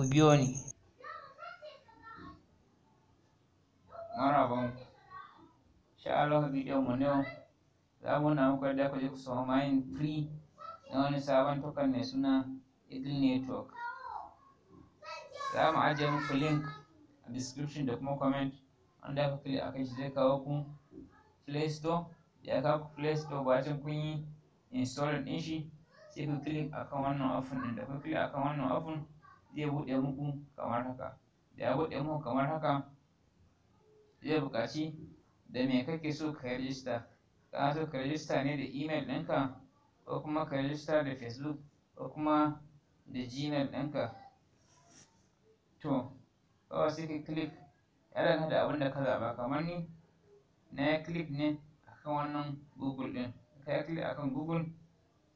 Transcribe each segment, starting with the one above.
ku biyo ni maraban sha Allah bidiyon mu ne za mu na muku da ku je ku samu mayin free na wani sabon token mai suna Eagle Network za mu ajiye muku link a description da kuma comment wanda aka kili a kai shi zai kawo ku Play Store ya kawo ku Play Store bacin kun yi install din shi sai ku click akan wannan option din da ku click akan wannan option zai buɗe muku kamar haka da ya buɗe muku kamar haka zai buƙaci da me kake so ka rajista ka so ka rajista ne da email ɗinka ko kuma ka rajista da facebook ko kuma da gmail ɗinka to kawai sai ka click ya daga da abin da ka zaɓa kamar ni na ya click ne akan wannan google ɗin ka ya click akan google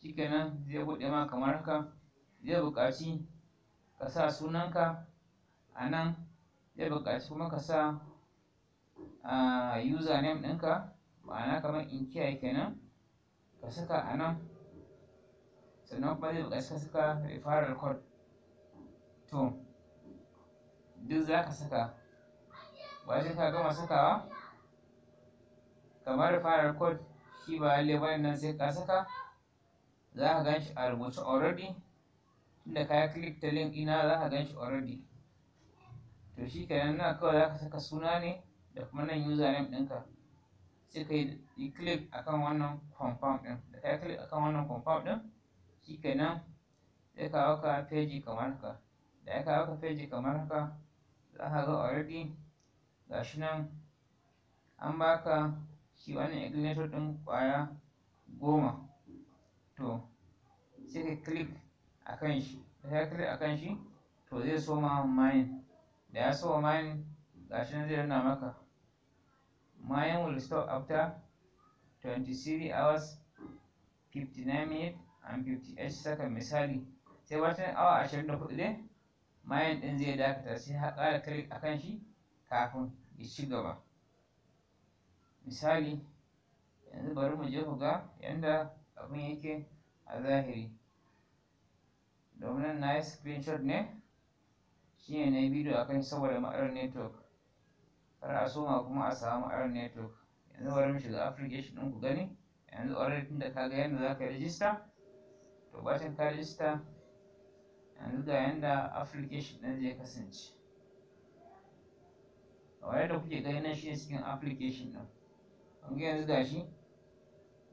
shikenan zai buɗe ma kamar haka zai buƙaci ka sa sunanka a nan zai buƙaci kuma ka sa username ɗinka ma'ana kamar in kiyaye kenan ka saka a nan sannan kuma zai buƙaci ka saka referral code to duk za ka saka ba sai ka gama sakawa kamar referral code shi ba lallai nan sai ka saka za ka gan shi a rubuce already tunda ka click ta link ina za ka gan shi already to shi kenan na kawai za ka saka suna ne da kuma nan username ɗinka sai ka yi click akan wannan confirm ɗin da ka yi click akan wannan confirm ɗin shi kenan sai ka hauka page kamar haka da ya ka ka page kamar haka za ka ga already ga shi nan an baka shi wannan igniter ɗin kwaya goma to sai ka click akan shi directly akan shi to zai soma mining da ya soma mining gashi zai nuna maka mining will stop after 23 hours 59 minutes and 58 seconds misali sai watan awa 24 ne mayan din zai dakata sai ha ƙara kare akan shi kafin ya ci gaba misali yanzu bari mu je ku ga yanda abin yake a zahiri domin na yi screenshot ne shi ne na yi bidiyo a kan saboda ma'aurin network kar a soma kuma a samu ma'aurin network yanzu bari mu shiga application ɗin ku gani yanzu already tun da ka ga yadda za ka register to bacin ka register yanzu ga yadda application ɗin zai kasance kamar yadda kuke gani nan shi ne cikin application ɗin kun yanzu gashi? shi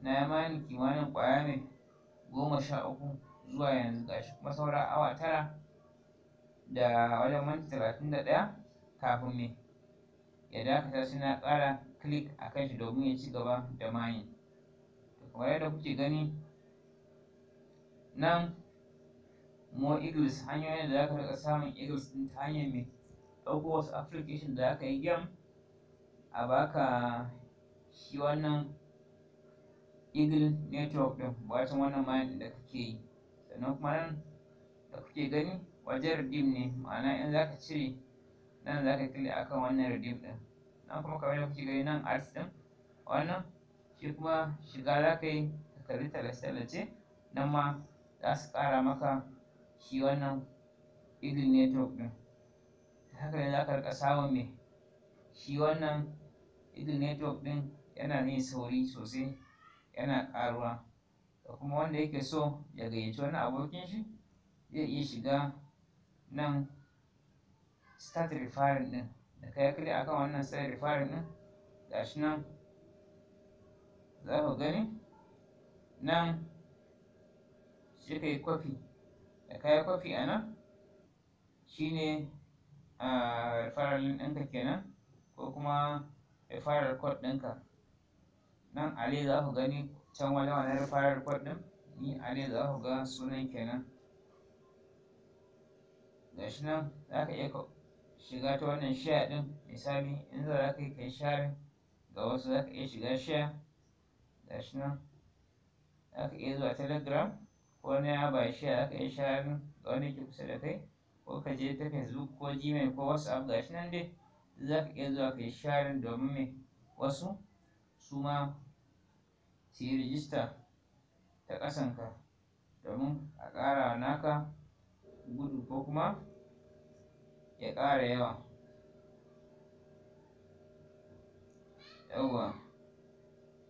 na yi mani kimanin ƙwaya mai goma sha uku zuwa yanzu gashi kuma saura awa tara da wajen minti talatin da ɗaya kafin me ya dakata suna na ƙara klik a kan shi domin ya ci gaba da mayin kamar yadda kuke gani nan mo eagles hanyoyin da zaka rika samun eagles din ta hanyar mai ɗauko wasu application da aka yi game a baka shi wannan eagle network ɗin bacin wannan mayan da kake yi sannan kuma nan da kuke gani wajen redeem ne ma'ana in za ka cire nan za ka kili akan wannan redeem ɗin nan kuma kamar yadda kuke gani nan arts din wannan shi kuma shiga za ka yi ka kalli tallace-tallace nan ma za su ƙara maka shi wannan irin network ɗin haka ne za ka rika samun mai shi wannan irin network ɗin yana yin sauri sosai yana ƙaruwa da kuma wanda yake so ya gayyaci wani abokin shi zai iya shiga nan start referring din da kai a akan wannan start referring din gashi nan za ku gani nan shi ka yi kwafi da ka yi kwafi a nan shine a referral ɗinka kenan ko kuma referral code ɗinka nan Ali za ku gani can wajen wani rufa report din ni a ne za ku ga sunan kenan gashi nan za ka iya shiga ta wannan share din misali in za ka yi kai share ga wasu za ka iya shiga share gashi nan za ka iya zuwa telegram ko na ba share za ka iya share ga wani ke kusa da kai ko ka je ta facebook ko gmail ko whatsapp gashi nan dai za ka iya zuwa kai share domin mai wasu su ma su rijista ta ƙasanka domin a ƙara naka gudu ko kuma ya ƙara yawa yawa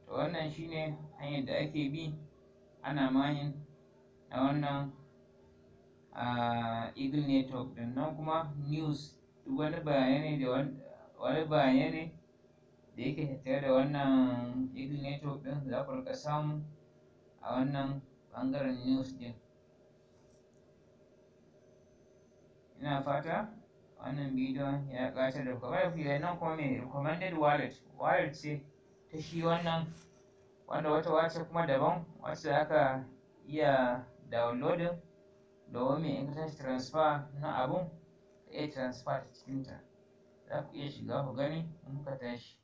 to wannan shine hanyar da ake bi ana mahin na wannan a eagle network nan kuma news duk wani bayanai da wani bayanai da yake tattare da wannan eagle network ɗin za ku rika samu a wannan ɓangaren news ɗin ina fata wannan bidiyon ya ƙatar da ku bai fiye nan kuma mai recommended wallet wallet ce ta shi wannan wanda wata wace kuma daban wacce aka iya downloading domin mai ingantaccen transfer na abun ka iya transfer ta cikinta za ku iya shiga ku gani in ka tashi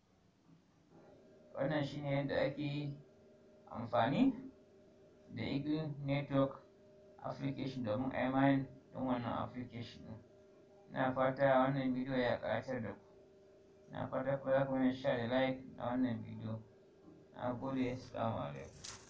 wannan shine yadda ake amfani da eagle network application domin a yi mining don wannan application ɗin na fata wannan bidiyo ya karatar da ku na fata ku za ku sha da like na wannan bidiyo na gode assalamu alaikum